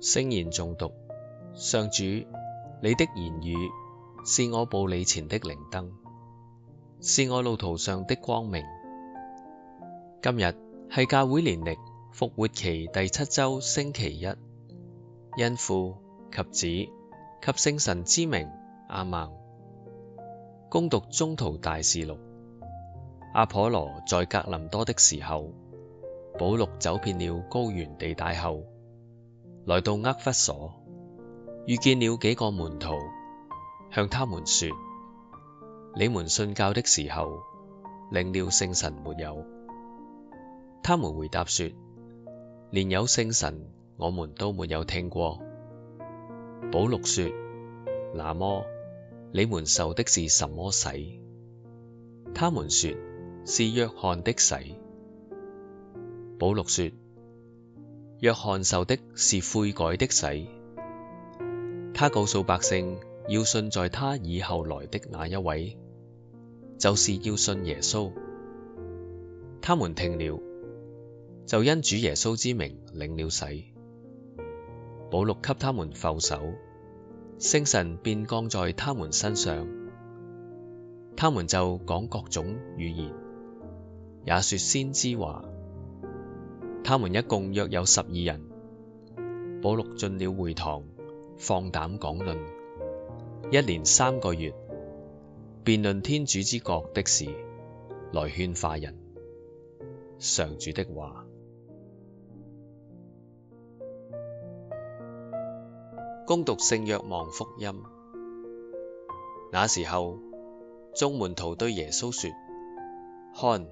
聖言誦讀，上主，你的言語是我步履前的靈燈，是我路途上的光明。今日係教會年歷復活期第七周星期一，因父及子及聖神之名，阿們，恭讀宗徒大事錄，阿頗羅在格林多的時候，保禄走遍了高原地帶後。來到厄弗所，遇見了幾個門徒，向他們說：你們信教的時候，領了聖神沒有？他們回答說：連有聖神，我們都沒有聽過。保祿說：那麼你們受的是什麼洗？他們說：是若翰的洗。保祿說。若翰授的是悔改的洗。他告訴百姓要信在他以後來的那一位，就是要信耶穌。他們聽了，就因主耶穌之名領了洗。保祿給他們覆手，聖神便降在他們身上，他們就講各種語言，也說先知話。他們一共約有十二人，保祿進了會堂，放膽講論。一連三個月，辯論天主之國的事，來勸化人。上主的話，恭讀聖若望福音。那時候，眾門徒對耶穌說：看，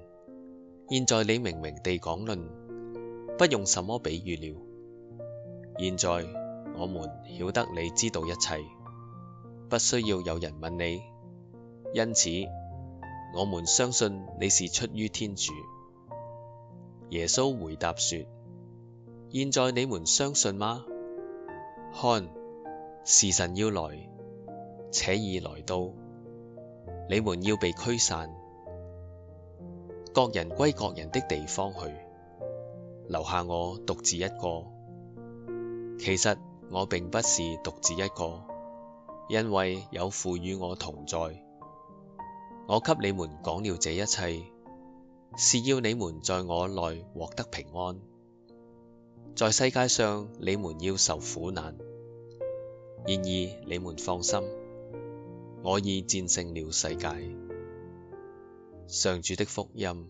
現在你明明地講論。不用什麼比喻了。現在我們曉得你知道一切，不需要有人問你。因此，我們相信你是出於天主。耶穌回答說：現在你們相信嗎？看，時辰要來，且已來到。你們要被驅散，各人歸各人的地方去。留下我獨自一個，其實我並不是獨自一個，因為有父與我同在。我給你們講了這一切，是要你們在我內獲得平安。在世界上你們要受苦難，然而你們放心，我已戰勝了世界。上主的福音。